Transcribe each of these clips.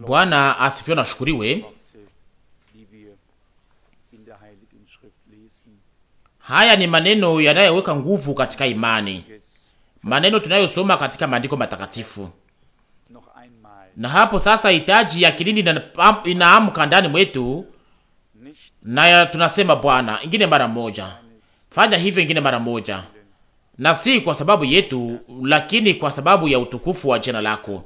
Bwana asifiwe na shukuriwe. Haya ni maneno yanayoweka nguvu katika imani, maneno tunayosoma katika maandiko matakatifu. Na hapo sasa hitaji ya kilindi inaamka ndani mwetu, na tunasema Bwana, ingine mara moja fanya hivyo, ingine mara moja na si kwa sababu yetu, lakini kwa sababu ya utukufu wa jina lako,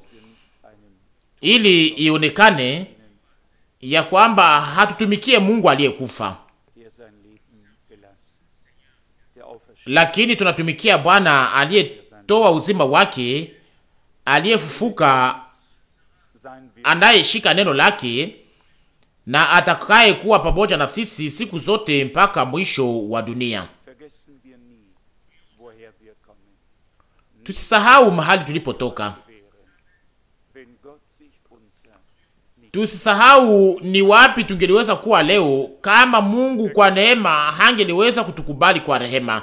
ili ionekane ya kwamba hatutumikie Mungu aliyekufa, lakini tunatumikia Bwana aliyetoa uzima wake, aliyefufuka, anayeshika neno lake na atakaye kuwa pamoja na sisi siku zote mpaka mwisho wa dunia. Tusisahau mahali tulipotoka, tusisahau ni wapi tungeliweza kuwa leo kama Mungu kwa neema hangeliweza kutukubali kwa rehema.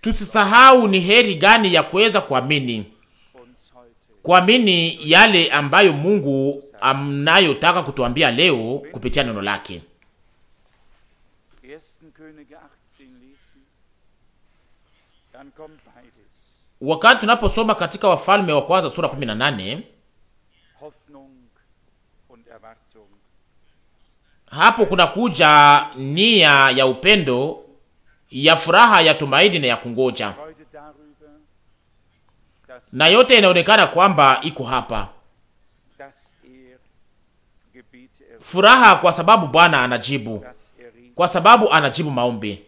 Tusisahau ni heri gani ya kuweza kuamini, kuamini yale ambayo Mungu anayotaka kutuambia leo kupitia neno lake. Wakati tunaposoma katika Wafalme wa kwanza sura 18 hapo kuna kuja nia ya upendo ya furaha ya tumaini na ya kungoja, na yote inaonekana kwamba iko hapa er furaha, kwa sababu Bwana anajibu, er kwa sababu anajibu maombi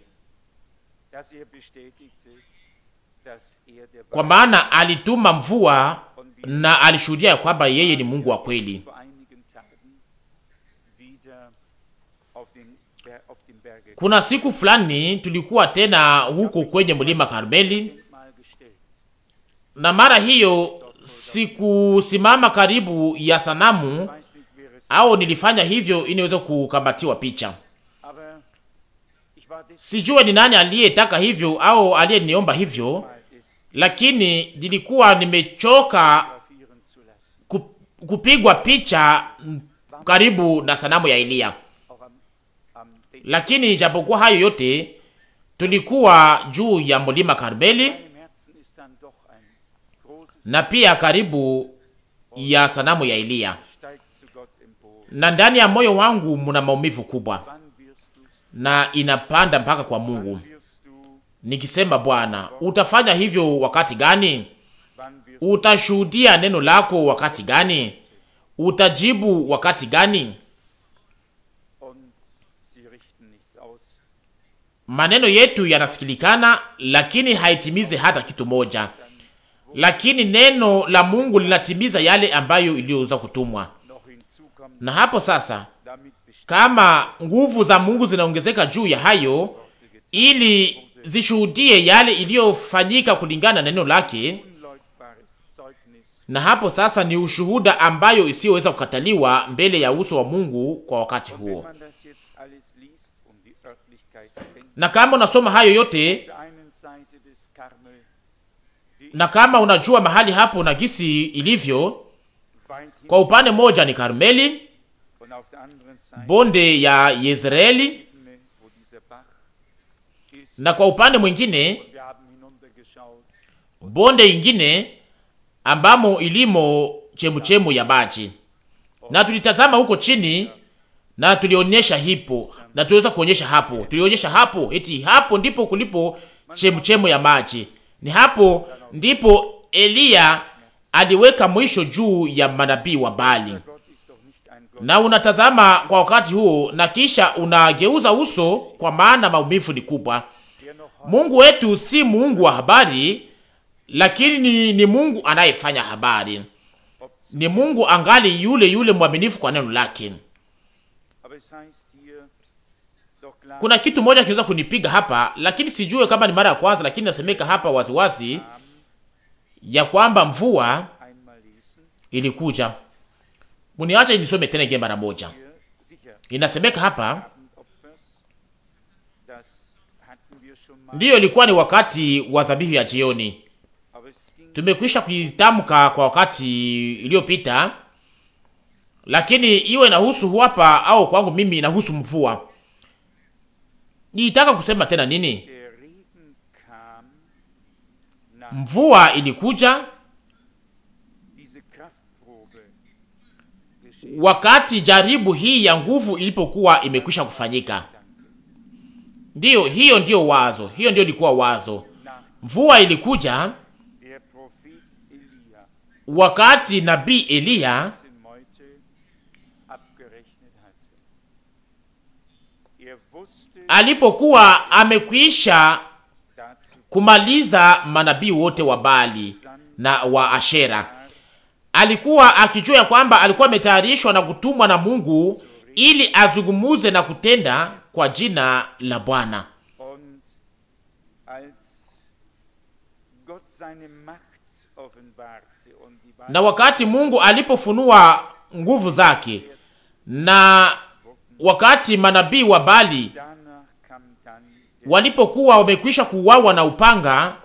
kwa maana alituma mvua na alishuhudia ya kwamba yeye ni Mungu wa kweli. Kuna siku fulani tulikuwa tena huko kwenye mlima Karmeli, na mara hiyo sikusimama karibu ya sanamu, au nilifanya hivyo niweze kukamatiwa picha. Sijue ni nani aliyetaka hivyo au aliyeniomba hivyo lakini nilikuwa nimechoka kupigwa picha karibu na sanamu ya Eliya. Lakini japokuwa hayo yote, tulikuwa juu ya mlima Karmeli na pia karibu ya sanamu ya Eliya, na ndani ya moyo wangu muna maumivu kubwa na inapanda mpaka kwa Mungu nikisema, Bwana, utafanya hivyo wakati gani? Utashuhudia neno lako wakati gani? Utajibu wakati gani? Maneno yetu yanasikilikana, lakini haitimize hata kitu moja, lakini neno la Mungu linatimiza yale ambayo iliyoweza kutumwa. Na hapo sasa, kama nguvu za Mungu zinaongezeka juu ya hayo, ili zishuhudie yale iliyofanyika kulingana na neno lake, na hapo sasa ni ushuhuda ambayo isiyoweza kukataliwa mbele ya uso wa Mungu kwa wakati huo. Na kama unasoma hayo yote na kama unajua mahali hapo na gisi ilivyo, kwa upande moja ni Karmeli, bonde ya Yezreeli, na kwa upande mwingine bonde ingine ambamo ilimo chemuchemu ya maji, na tulitazama huko chini na tulionyesha hipo na tuweza kuonyesha hapo, tulionyesha hapo eti hapo ndipo kulipo chemuchemu ya maji, ni hapo ndipo Eliya aliweka mwisho juu ya manabii wa Bali na unatazama kwa wakati huu, na kisha unageuza uso, kwa maana maumivu ni kubwa. Mungu wetu si Mungu wa habari, lakini ni, ni Mungu anayefanya habari. Ni Mungu angali yule yule mwaminifu kwa neno lake. Kuna kitu moja kinaweza kunipiga hapa, lakini sijue kama ni mara ya kwanza, lakini nasemeka hapa waziwazi wazi, ya kwamba mvua ilikuja Muniache nisome tena ingine mara moja. Inasemeka hapa ndiyo, ilikuwa ni wakati wa zabihu ya jioni. Tumekwisha kuitamka kwa wakati iliyopita, lakini iwe inahusu hapa au kwangu mimi inahusu mvua. Nitaka kusema tena nini? Mvua ilikuja wakati jaribu hii ya nguvu ilipokuwa imekwisha kufanyika. Ndiyo, hiyo ndiyo wazo, hiyo ndiyo ilikuwa wazo. Mvua ilikuja wakati nabii Eliya alipokuwa amekwisha kumaliza manabii wote wa Bali na wa Ashera alikuwa akijua ya kwamba alikuwa ametayarishwa na kutumwa na Mungu ili azungumuze na kutenda kwa jina la Bwana. Na wakati Mungu alipofunua nguvu zake na wakati manabii wa Bali walipokuwa wamekwisha kuuawa na upanga,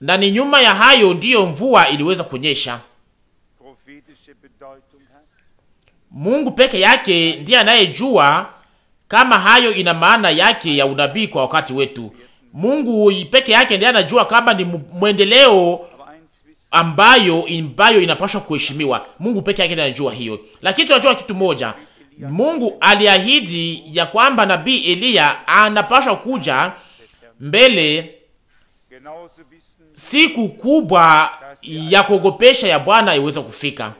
na ni nyuma ya hayo ndiyo mvua iliweza kunyesha. Mungu peke yake ndiye anayejua kama hayo ina maana yake ya unabii kwa wakati wetu. Mungu peke yake ndiye anajua kama ni mwendeleo ambayo ambayo inapaswa kuheshimiwa. Mungu peke yake ndiye anajua hiyo, lakini tunajua kitu moja. Mungu aliahidi ya kwamba nabii Eliya anapaswa kuja mbele siku kubwa ya kuogopesha ya Bwana iweze kufika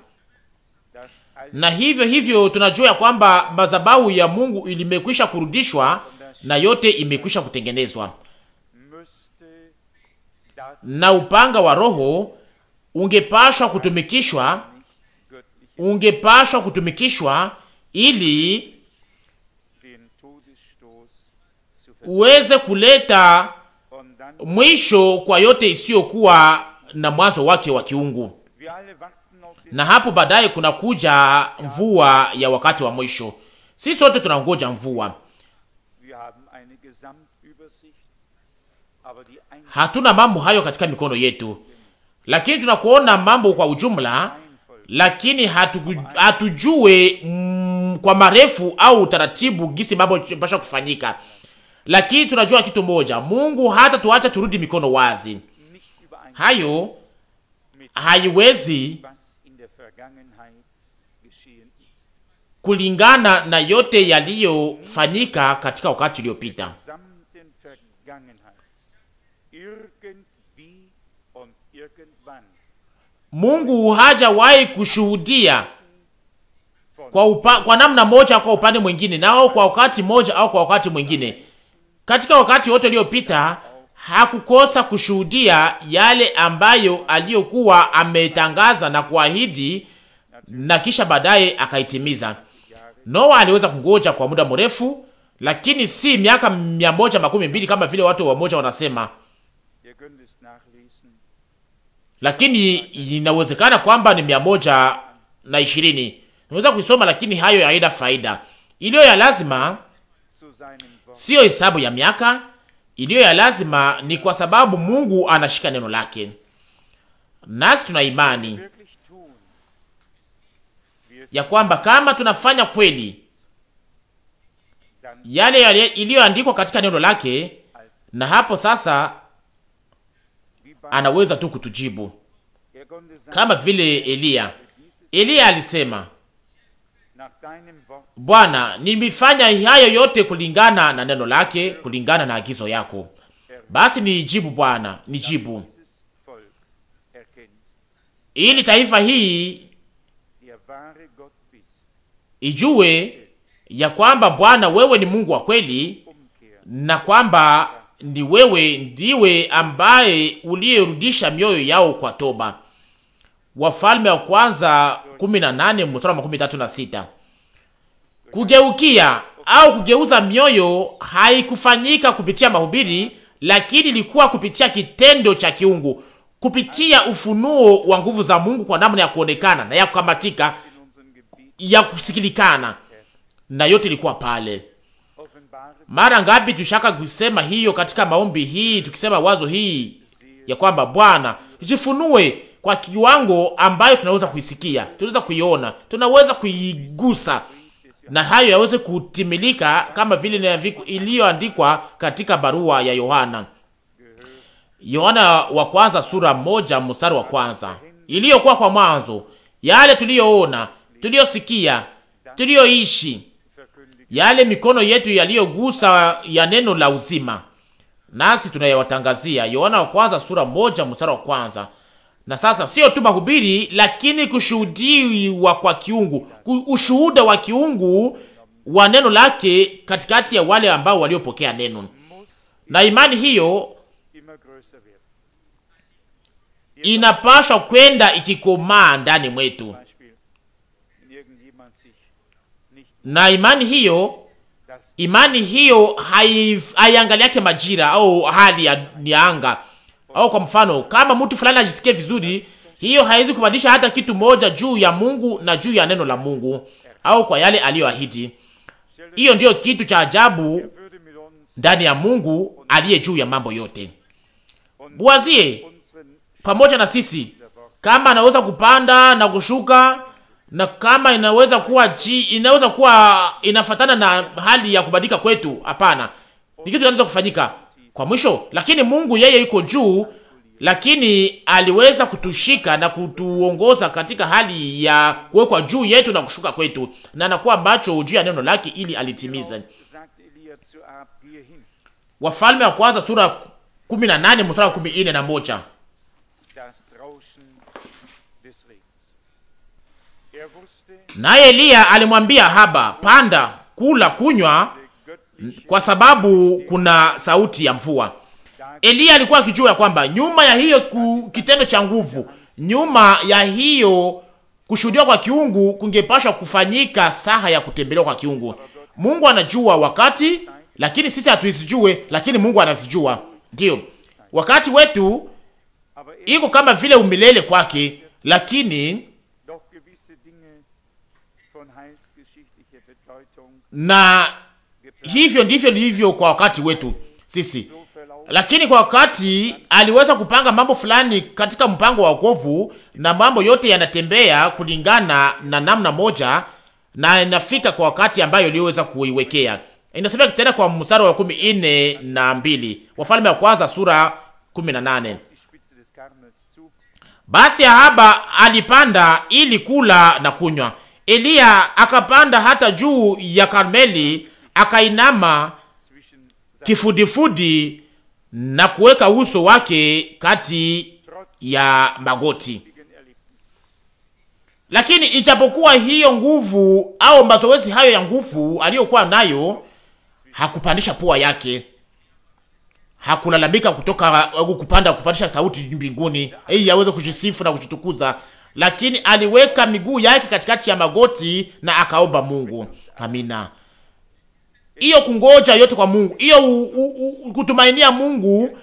na hivyo hivyo tunajua ya kwamba madhabahu ya Mungu ilimekwisha kurudishwa na yote imekwisha kutengenezwa, na upanga wa Roho ungepashwa kutumikishwa, ungepashwa kutumikishwa ili uweze kuleta mwisho kwa yote isiyokuwa na mwanzo wake wa kiungu na hapo baadaye kuna kuja mvua ya wakati wa mwisho. si sote tunangoja mvua, hatuna mambo hayo katika mikono yetu, lakini tunakuona mambo kwa ujumla, lakini hatu, hatujue mm, kwa marefu au utaratibu gisi mambo pasha kufanyika, lakini tunajua kitu moja, Mungu hata tuacha turudi mikono wazi. Hayo haiwezi kulingana na yote yaliyofanyika katika wakati uliopita. Mungu hajawahi kushuhudia kwa, upa, kwa namna moja au kwa upande mwingine, nao kwa wakati moja au kwa wakati mwingine, katika wakati wote uliopita hakukosa kushuhudia yale ambayo aliyokuwa ametangaza na kuahidi, na kisha baadaye akaitimiza. Noa aliweza kungoja kwa muda mrefu, lakini si miaka mia moja makumi mbili kama vile watu wamoja wanasema, lakini inawezekana kwamba ni mia moja na ishirini. Naweza kuisoma, lakini hayo haina faida. Iliyo ya lazima siyo hesabu ya miaka iliyo ya lazima ni kwa sababu Mungu anashika neno lake, nasi tuna imani ya kwamba kama tunafanya kweli yale iliyoandikwa katika neno lake, na hapo sasa anaweza tu kutujibu kama vile Eliya. Eliya alisema Bwana, nimefanya hayo yote kulingana na neno lake, kulingana na agizo yako. Basi nijibu Bwana, nijibu ili taifa hii ijue ya kwamba Bwana wewe ni Mungu wa kweli na kwamba ni wewe ndiwe ambaye uliyerudisha mioyo yao kwa toba. Wafalme wa kwanza 18 mstari wa 36. Kugeukia au kugeuza mioyo haikufanyika kupitia mahubiri, lakini ilikuwa kupitia kitendo cha kiungu, kupitia ufunuo wa nguvu za Mungu kwa namna ya kuonekana na ya kukamatika, ya kusikilikana, na yote ilikuwa pale. Mara ngapi tushaka kusema hiyo katika maombi hii, tukisema wazo hii ya kwamba Bwana jifunue kwa kiwango ambayo tunaweza kuisikia, tunaweza kuiona, tunaweza kuigusa na hayo yaweze kutimilika kama vile iliyoandikwa katika barua ya Yohana, Yohana wa kwanza sura moja mstari wa kwanza, iliyokuwa kwa mwanzo, yale tuliyoona, tuliyosikia, tuliyoishi, yale mikono yetu yaliyogusa ya neno la uzima, nasi tunayawatangazia. Yohana wa kwanza sura moja mstari wa kwanza. Na sasa sio tu mahubiri, lakini kushuhudiwa kwa kiungu, ushuhuda wa kiungu wa neno lake katikati ya wale ambao waliopokea neno, na imani hiyo inapaswa kwenda ikikomaa ndani mwetu, na imani hiyo imani hiyo haiangaliake majira au hali ya anga au kwa mfano, kama mtu fulani ajisikie vizuri, hiyo haiwezi kubadilisha hata kitu moja juu ya Mungu na juu ya neno la Mungu au kwa yale aliyoahidi. Hiyo ndiyo kitu cha ajabu ndani ya Mungu aliye juu ya mambo yote. Buazie pamoja na sisi kama anaweza kupanda na kushuka na kama inaweza kuwa chi, inaweza kuwa inafatana na hali ya kubadilika kwetu. Hapana, ni kitu kinaweza kufanyika kwa mwisho. Lakini Mungu yeye yuko juu, lakini aliweza kutushika na kutuongoza katika hali ya kuwekwa juu yetu na kushuka kwetu, na anakuwa macho juu ya neno lake ili alitimize. Wafalme wa kwanza sura 18 mstari wa 14 na moja. Naye Eliya alimwambia Haba, panda, kula, kunywa kwa sababu kuna sauti ya mvua. Eliya alikuwa akijua ya kwamba nyuma ya hiyo kitendo cha nguvu, nyuma ya hiyo kushuhudiwa kwa kiungu kungepashwa kufanyika saha ya kutembelewa kwa kiungu. Mungu anajua wakati, lakini sisi hatuizijue, lakini Mungu anazijua. Ndio wakati wetu iko kama vile umilele kwake, lakini na Hivyo ndivyo lilivyo kwa wakati wetu sisi, lakini kwa wakati aliweza kupanga mambo fulani katika mpango wa wokovu, na mambo yote yanatembea kulingana na namna moja na inafika kwa wakati ambayo aliyoweza kuiwekea. Inasema tena kwa mstari wa kumi na mbili Wafalme wa kwanza sura kumi na nane basi Ahaba alipanda ili kula na kunywa, Eliya akapanda hata juu ya Karmeli akainama kifudifudi na kuweka uso wake kati ya magoti. Lakini ijapokuwa hiyo nguvu au mazoezi hayo ya nguvu aliyokuwa nayo, hakupandisha pua yake, hakulalamika kutoka au kupanda kupandisha sauti mbinguni ili aweze kujisifu na kujitukuza, lakini aliweka miguu yake katikati ya magoti na akaomba Mungu. Amina hiyo kungoja yote kwa Mungu, hiyo kutumainia Mungu.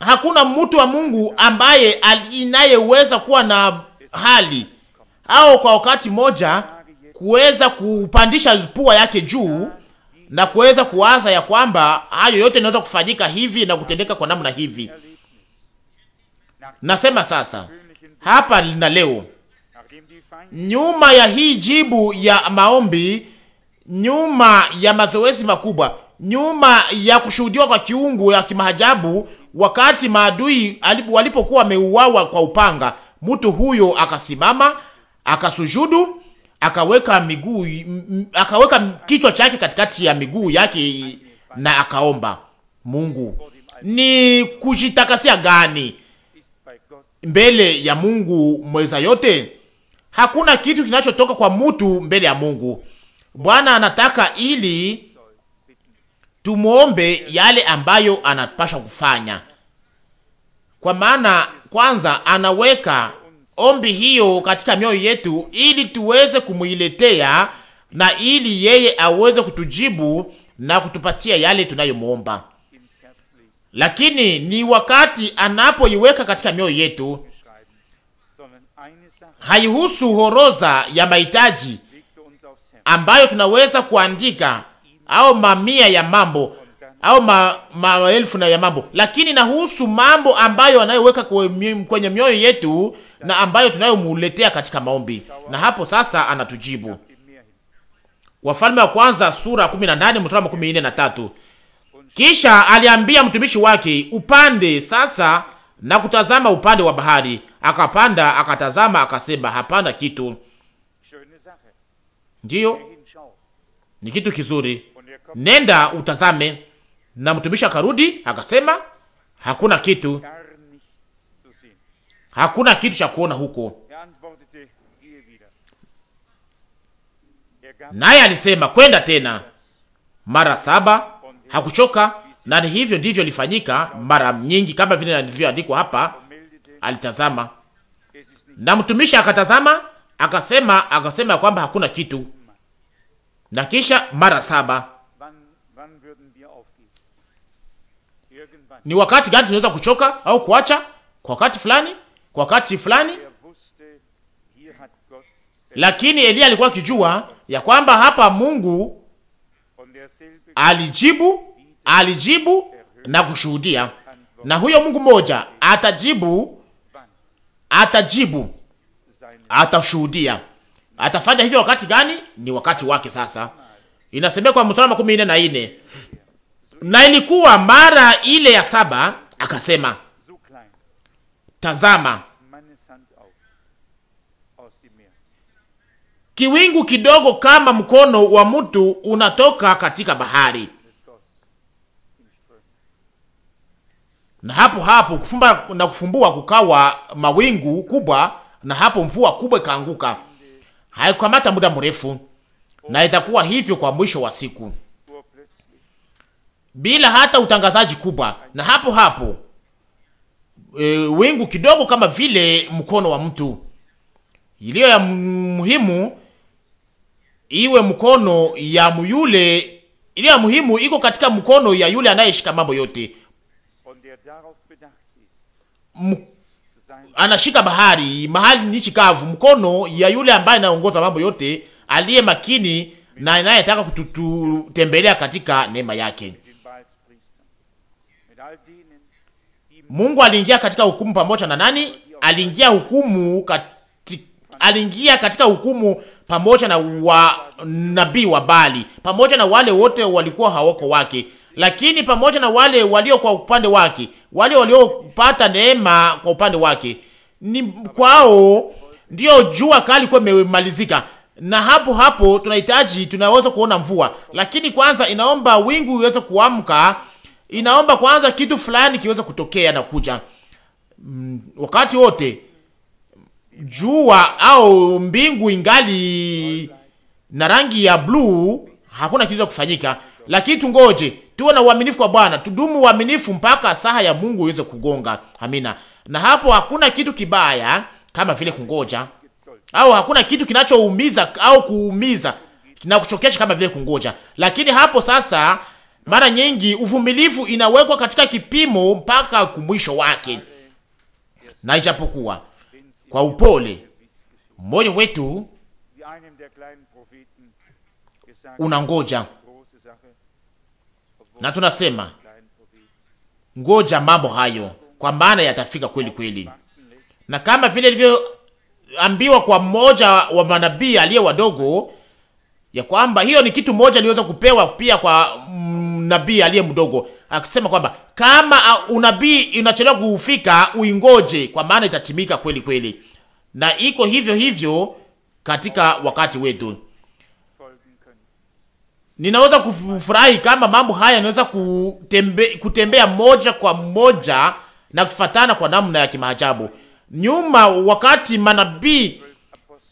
Hakuna mtu wa Mungu ambaye inayeweza kuwa na hali au kwa wakati moja kuweza kupandisha pua yake juu na kuweza kuwaza ya kwamba hayo yote inaweza kufanyika hivi na kutendeka kwa namna hivi. Nasema sasa hapa na leo Nyuma ya hii jibu ya maombi, nyuma ya mazoezi makubwa, nyuma ya kushuhudiwa kwa kiungu ya kimahajabu, wakati maadui walipokuwa wameuawa kwa upanga, mtu huyo akasimama, akasujudu, akaweka miguu, akaweka kichwa chake katikati ya miguu yake na akaomba Mungu. Ni kujitakasia gani mbele ya Mungu mweza yote? Hakuna kitu kinachotoka kwa mtu mbele ya Mungu. Bwana anataka ili tumwombe yale ambayo anapasha kufanya, kwa maana kwanza anaweka ombi hiyo katika mioyo yetu ili tuweze kumwiletea na ili yeye aweze kutujibu na kutupatia yale tunayomwomba, lakini ni wakati anapoiweka katika mioyo yetu haihusu horoza ya mahitaji ambayo tunaweza kuandika au mamia ya mambo au ma, maelfu na ya mambo, lakini nahusu mambo ambayo anayoweka kwenye mioyo yetu na ambayo tunayomuletea katika maombi, na hapo sasa anatujibu. Wafalme wa kwanza sura 18 mstari wa 43, kisha aliambia mtumishi wake upande sasa na kutazama upande wa bahari, akapanda, akatazama, akasema hapana kitu. Ndiyo, ni kitu kizuri, nenda utazame. Na mtumishi akarudi akasema hakuna kitu, hakuna kitu cha kuona huko. Naye alisema kwenda tena mara saba, hakuchoka. Na ni hivyo ndivyo ilifanyika mara nyingi, kama vile nilivyoandikwa hapa alitazama na mtumishi akatazama, akasema akasema ya kwamba hakuna kitu, na kisha mara saba. Ni wakati gani tunaweza kuchoka au kuacha? Kwa wakati fulani, kwa wakati fulani. Lakini Eliya alikuwa akijua ya kwamba hapa Mungu alijibu, alijibu na kushuhudia, na huyo Mungu mmoja atajibu atajibu, atashuhudia. Atafanya hivyo wakati gani? Ni wakati wake sasa. inasemekwa kwa mstari makumi nne na nne na ilikuwa mara ile ya saba akasema, tazama kiwingu kidogo kama mkono wa mtu unatoka katika bahari na hapo hapo kufumba na kufumbua kukawa mawingu kubwa, na hapo mvua kubwa ikaanguka. Haikamata muda mrefu, na itakuwa hivyo kwa mwisho wa siku, bila hata utangazaji kubwa. Na hapo hapo e, wingu kidogo kama vile mkono wa mtu, iliyo ya muhimu iwe mkono ya yule iliyo ya muhimu iko katika mkono ya yule anayeshika mambo yote anashika bahari, mahali ni kavu, mkono ya yule ambaye anaongoza mambo yote, aliye makini na anayetaka kututembelea katika neema yake. Mungu aliingia katika hukumu pamoja na nani? Aliingia hukumu kati, aliingia katika hukumu pamoja na wa nabii wa Bali, pamoja na wale wote walikuwa hawako wake, lakini pamoja na wale walio kwa upande wake, wale waliopata neema kwa upande wake, ni kwao ndio jua kali kwa imemalizika, na hapo hapo tunahitaji tunaweza kuona mvua, lakini kwanza inaomba wingu iweze kuamka, inaomba kwanza kitu fulani kiweze kutokea na kuja mm, wakati wote jua au mbingu ingali na rangi ya bluu, hakuna kitu cha kufanyika lakini tungoje, tuwe na uaminifu kwa Bwana, tudumu uaminifu mpaka saha ya Mungu iweze kugonga. Amina. Na hapo hakuna kitu kibaya kama vile kungoja, au hakuna kitu kinachoumiza au kuumiza na kuchokesha kama vile kungoja. Lakini hapo sasa, mara nyingi uvumilivu inawekwa katika kipimo mpaka kumwisho wake, na ijapokuwa kwa upole mmoja wetu unangoja na tunasema ngoja mambo hayo, kwa maana yatafika kweli kweli, na kama vile ilivyoambiwa kwa mmoja wa manabii aliye wadogo ya kwamba hiyo ni kitu moja niweza kupewa pia kwa nabii aliye mdogo, akisema kwamba kama unabii inachelewa kufika, uingoje, kwa maana itatimika kweli kweli, na iko hivyo hivyo katika wakati wetu ninaweza kufurahi kama mambo haya yanaweza kutembe, kutembea moja kwa moja na kufatana kwa namna ya kimaajabu. Nyuma wakati manabii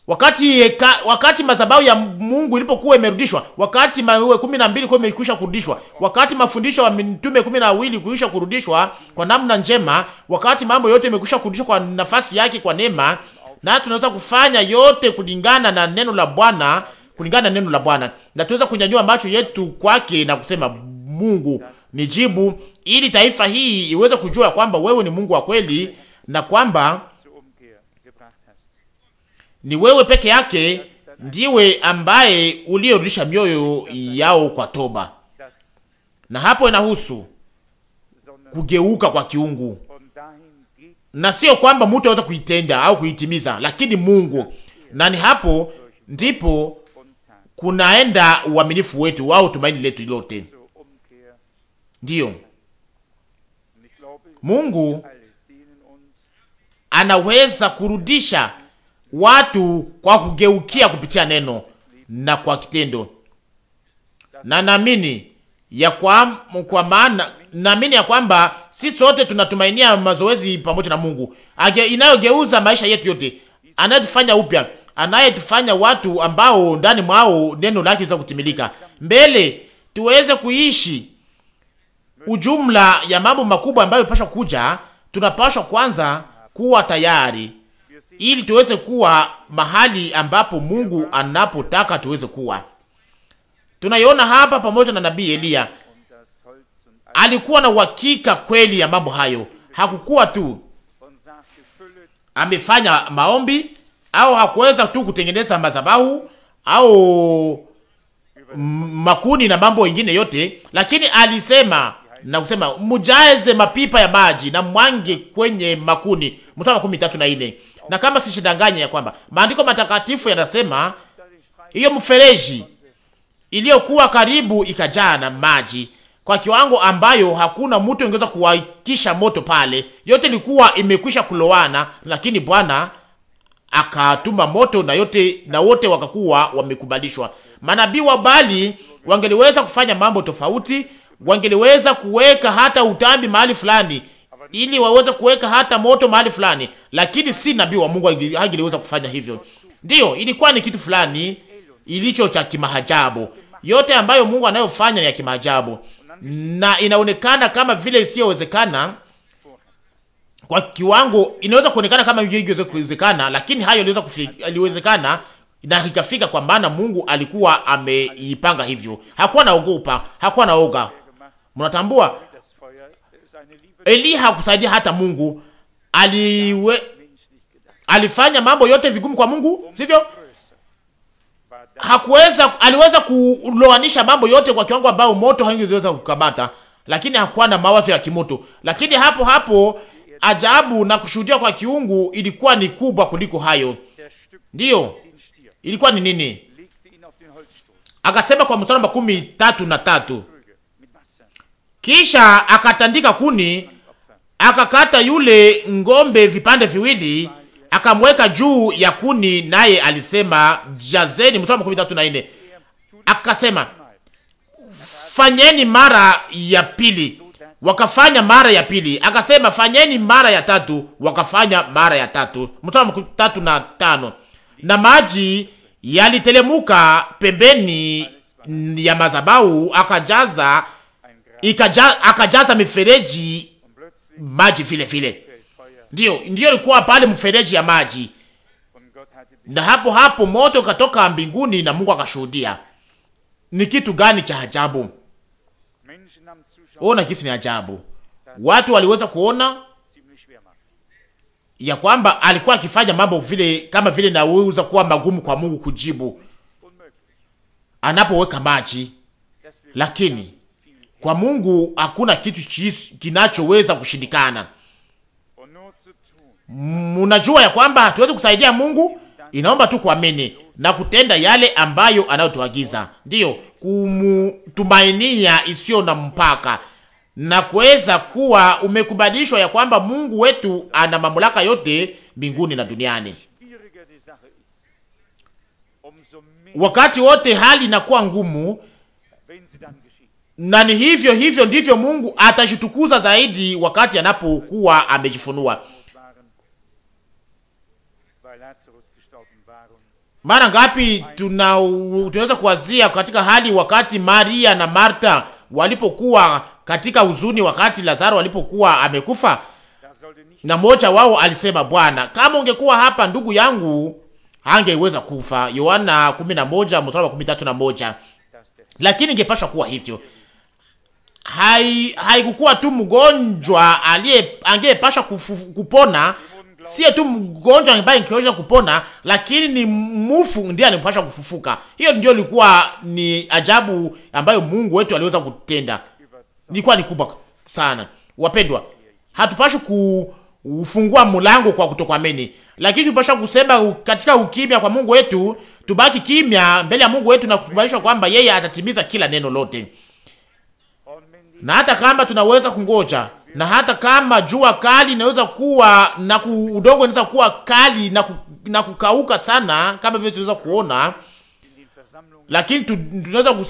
wakati heka, wakati madhabahu ya Mungu ilipokuwa imerudishwa, wakati mawe 12 na imekwisha kurudishwa, wakati mafundisho ya mitume 12 na kuisha kurudishwa kwa namna njema, wakati mambo yote imekwisha kurudishwa kwa nafasi yake kwa neema, na tunaweza kufanya yote kulingana na neno la Bwana kulingana na neno la Bwana, na tuweza kunyanyua macho yetu kwake na kusema Mungu nijibu, ili taifa hii iweze kujua kwamba wewe ni Mungu wa kweli na kwamba ni wewe peke yake ndiwe ambaye uliorudisha mioyo yao kwa toba. Na hapo inahusu kugeuka kwa kiungu, na sio kwamba mtu aweza kuitenda au kuitimiza, lakini Mungu. Na ni hapo ndipo kunaenda uaminifu wetu au tumaini letu lote. Ndiyo, Mungu anaweza kurudisha watu kwa kugeukia kupitia neno na kwa kitendo, na naamini ya kwa, kwa maana naamini ya kwamba si sote tunatumainia mazoezi pamoja na Mungu Age, inayogeuza maisha yetu yote, anayetufanya upya anayetufanya watu ambao ndani mwao neno lake liweza kutimilika mbele, tuweze kuishi ujumla ya mambo makubwa ambayo pasha kuja. Tunapashwa kwanza kuwa tayari ili tuweze kuwa mahali ambapo Mungu anapotaka tuweze kuwa. Tunaiona hapa pamoja na nabii Eliya, alikuwa na uhakika kweli ya mambo hayo. Hakukuwa tu amefanya maombi au hakuweza tu kutengeneza madhabahu au makuni na mambo ingine yote, lakini alisema na kusema mujaeze mapipa ya maji na mwange kwenye makuni. Mstari wa makumi tatu na nne. Na kama sishidanganya ya kwamba maandiko matakatifu yanasema hiyo mfereji iliyokuwa karibu ikajaa na maji kwa kiwango ambayo hakuna mtu angeweza kuwaikisha moto pale, yote ilikuwa imekwisha kulowana, lakini Bwana akatuma moto na yote na wote wakakuwa wamekubalishwa. Manabii wa Bali wangeliweza kufanya mambo tofauti, wangeliweza kuweka hata utambi mahali fulani ili waweze kuweka hata moto mahali fulani, lakini si nabii wa Mungu hangeliweza kufanya hivyo. Ndiyo, ilikuwa ni kitu fulani ilicho cha kimahajabu. Yote ambayo Mungu anayofanya ni ya kimaajabu na inaonekana kama vile isiyowezekana kwa kiwango inaweza kuonekana kama hiyo hiyo kuwezekana, lakini hayo iliweza kuwezekana na ikafika, kwa maana Mungu alikuwa ameipanga hivyo. Hakuwa na naogopa, hakuwa na oga. Mnatambua, Eliya hakusaidia hata Mungu aliwe, alifanya mambo yote vigumu kwa Mungu, sivyo? Hakuweza, aliweza kuloanisha mambo yote kwa kiwango ambao moto haingeweza kukabata, lakini hakuwa na mawazo ya kimoto. Lakini hapo hapo ajabu na kushuhudia kwa kiungu ilikuwa ni kubwa kuliko hayo. Ndiyo, ilikuwa ni nini? Akasema kwa mstari makumi tatu na tatu, kisha akatandika kuni, akakata yule ngombe vipande viwili, akamweka juu ya kuni, naye alisema jazeni. Mstari tatu na nne akasema fanyeni mara ya pili wakafanya mara ya pili, akasema fanyeni mara ya tatu, wakafanya mara ya tatu. Mstari tatu na tano, na maji yalitelemuka pembeni ya mazabau, akajaza ikaja, akajaza mifereji maji vile vile. Ndiyo, ndiyo ilikuwa pale mfereji ya maji, na hapo hapo moto ukatoka mbinguni na Mungu akashuhudia. Ni kitu gani cha ajabu! ona kisi ni ajabu, watu waliweza kuona ya kwamba alikuwa akifanya mambo vile kama vile naweza kuwa magumu kwa Mungu kujibu anapoweka maji, lakini kwa Mungu hakuna kitu kinachoweza kushindikana. Munajua ya kwamba hatuwezi kusaidia Mungu, inaomba tu kuamini na kutenda yale ambayo anayotuagiza. Ndiyo, kumutumainia isiyo na mpaka na kuweza kuwa umekubalishwa ya kwamba Mungu wetu ana mamlaka yote mbinguni na duniani. Wakati wote hali inakuwa ngumu, na ni hivyo hivyo ndivyo Mungu atajitukuza zaidi wakati anapokuwa amejifunua. Mara ngapi tuna tunaweza kuwazia katika hali wakati Maria na Marta walipokuwa katika huzuni, wakati Lazaro alipokuwa amekufa, na mmoja wao alisema, Bwana, kama ungekuwa hapa ndugu yangu angeweza kufa. Yohana 11 mstari wa 13 na moja. Lakini ingepaswa kuwa hivyo. Hai haikukuwa tu mgonjwa aliye kupona, Sio tu mgonjwa ambaye ingeweza kupona, lakini ni mufu ndiye alimpasha kufufuka. Hiyo ndio ilikuwa ni ajabu ambayo Mungu wetu aliweza kutenda, ilikuwa ni kubwa sana. Wapendwa, hatupashi kufungua mlango kwa kutokuamini, lakini tupasha kusema katika ukimya kwa Mungu wetu, tubaki kimya mbele ya Mungu wetu na kukubalishwa kwamba yeye atatimiza kila neno lote, na hata kama tunaweza kungoja na hata kama jua kali inaweza kuwa na ku, udongo inaweza kuwa kali na, ku, na kukauka sana kama vile tunaweza kuona, lakini tunaweza kus,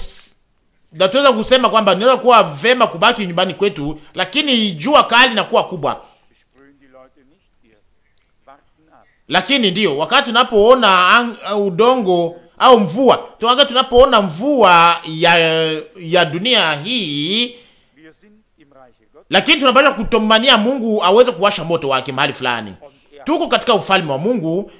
na kusema kwamba inaweza kuwa vema kubaki nyumbani kwetu, lakini jua kali na kuwa kubwa. Lakini ndiyo wakati tunapoona udongo au mvua, wakati tunapoona mvua ya, ya dunia hii lakini tunapaswa kutomania Mungu aweze kuwasha moto wake mahali fulani. Tuko katika ufalme wa Mungu,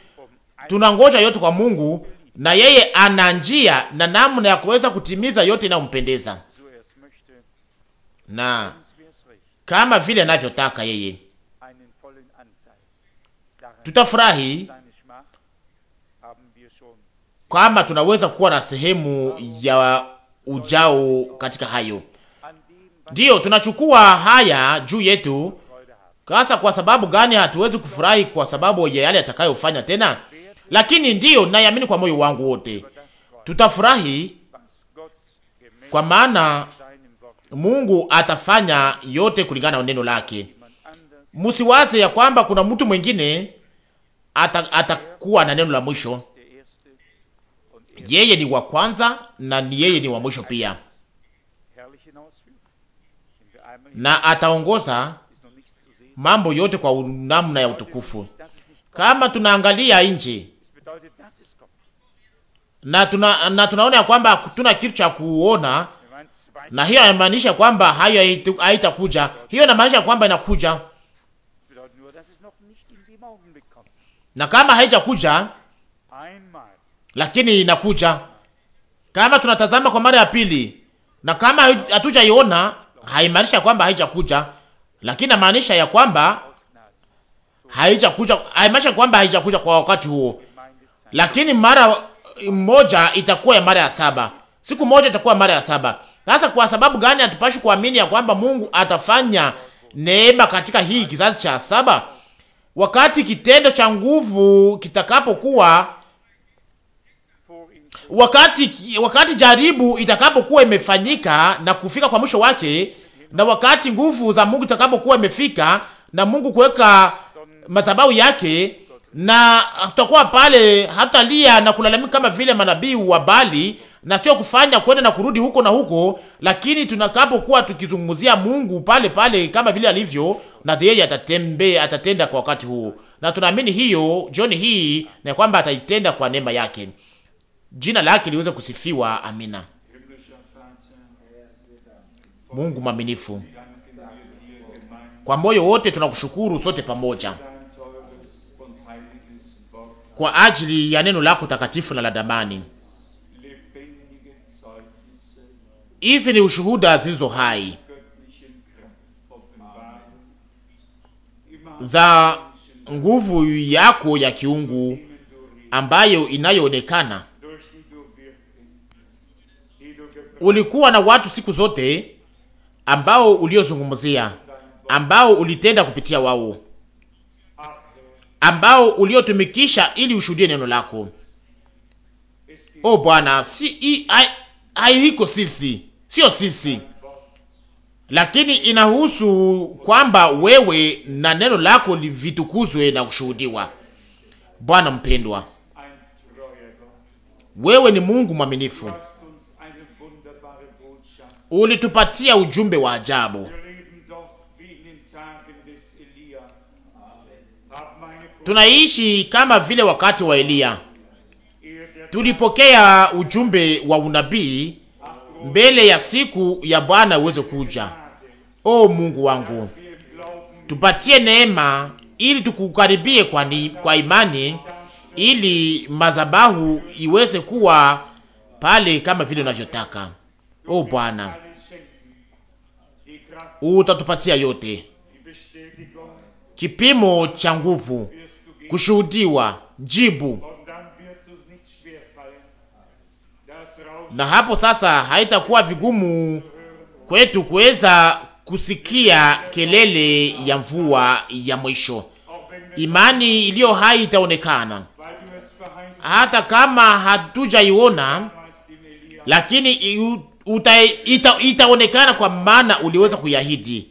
tunangoja yote kwa Mungu, na yeye ana njia na namna ya kuweza kutimiza yote inayompendeza na kama vile anavyotaka yeye. Tutafurahi kama tunaweza kuwa na sehemu ya ujao katika hayo Ndiyo, tunachukua haya juu yetu. kasa kwa sababu gani hatuwezi kufurahi kwa sababu ya yale atakayofanya tena? Lakini ndiyo, naiamini kwa moyo wangu wote, tutafurahi kwa maana Mungu atafanya yote kulingana na neno lake. Msiwaze ya kwamba kuna mtu mwingine atakuwa ata na neno la mwisho. Yeye ni wa kwanza na ni yeye ni wa mwisho pia na ataongoza mambo yote kwa namna ya utukufu. Kama tunaangalia nje na tuna na tunaona kwamba tuna kitu cha kuona, na hiyo inamaanisha kwamba hayo haitakuja. Hiyo inamaanisha kwamba inakuja, na kama haijakuja, lakini inakuja. Kama tunatazama kwa mara ya pili, na kama hatujaiona haimaanishi ya kwamba haijakuja, lakini namaanisha ya kwamba haijakuja, haimaanisha kwamba haijakuja kwa wakati huo, lakini mara moja itakuwa ya mara ya saba, siku moja itakuwa mara ya saba. Sasa kwa sababu gani hatupashi kuamini ya kwamba Mungu atafanya neema katika hii kizazi cha saba, wakati kitendo cha nguvu kitakapokuwa wakati, wakati jaribu itakapokuwa imefanyika na kufika kwa mwisho wake, na wakati nguvu za Mungu itakapokuwa imefika na Mungu kuweka madhabahu yake, na tutakuwa pale hatalia na kulalamika kama vile manabii wa Bali na sio kufanya kwenda na kurudi huko na huko, lakini tunakapokuwa tukizungumzia Mungu pale pale kama vile alivyo, na yeye atatembea, atatenda kwa wakati huo, na tunaamini hiyo jioni hii na kwamba ataitenda kwa neema yake jina lake liweze kusifiwa. Amina. Mungu mwaminifu, kwa moyo wote tunakushukuru sote pamoja kwa ajili ya neno lako takatifu na la damani. Hizi ni ushuhuda zilizo hai za nguvu yako ya kiungu ambayo inayoonekana ulikuwa na watu siku zote ambao uliozungumzia, ambao ulitenda kupitia wao, ambao uliotumikisha ili ushuhudie neno lako. O Bwana, si haihiko sisi, sio sisi, lakini inahusu kwamba wewe na neno lako livitukuzwe na kushuhudiwa. Bwana mpendwa, wewe ni Mungu mwaminifu ulitupatia ujumbe wa ajabu. Tunaishi kama vile wakati wa Eliya, tulipokea ujumbe wa unabii mbele ya siku ya Bwana uweze kuja. O Mungu wangu, tupatie neema ili tukukaribie kwa, ni, kwa imani ili mazabahu iweze kuwa pale kama vile unavyotaka. O Bwana, utatupatia yote. Kipimo cha nguvu kushuhudiwa jibu, na hapo sasa haitakuwa vigumu kwetu kuweza kusikia kelele ya mvua ya mwisho. Imani iliyo hai itaonekana hata kama hatujaiona, lakini uta, ita, itaonekana kwa maana uliweza kuyahidi.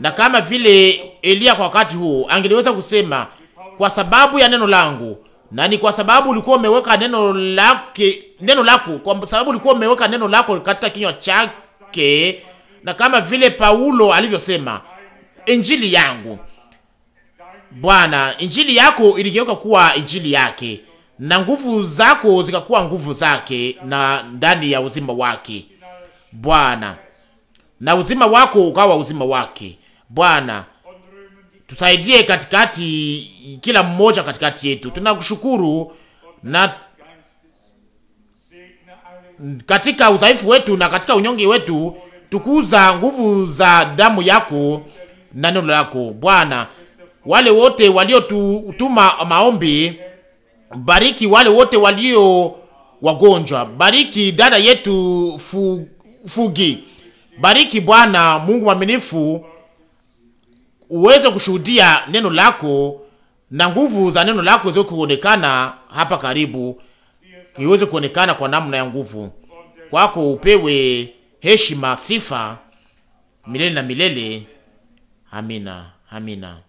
Na kama vile Eliya kwa wakati huo angeliweza kusema kwa sababu ya neno langu, na ni kwa sababu ulikuwa umeweka neno lake neno lako, kwa sababu ulikuwa umeweka neno lako katika kinywa chake, na kama vile Paulo alivyosema, injili yangu Bwana, injili yako iligeuka kuwa injili yake na nguvu zako zikakuwa nguvu zake na ndani ya uzima wake Bwana, na uzima wako ukawa uzima wake Bwana. Tusaidie katikati, kila mmoja katikati yetu. Tunakushukuru na katika udhaifu wetu na katika unyonge wetu, tukuza nguvu za damu yako na neno lako Bwana. Wale wote waliotutuma maombi bariki wale wote walio wagonjwa, bariki dada yetu fu, Fugi, bariki Bwana Mungu mwaminifu, uweze kushuhudia neno lako na nguvu za neno lako ziweze kuonekana hapa karibu, iweze kuonekana kwa namna ya nguvu kwako, upewe heshima, sifa milele na milele. Amina, amina.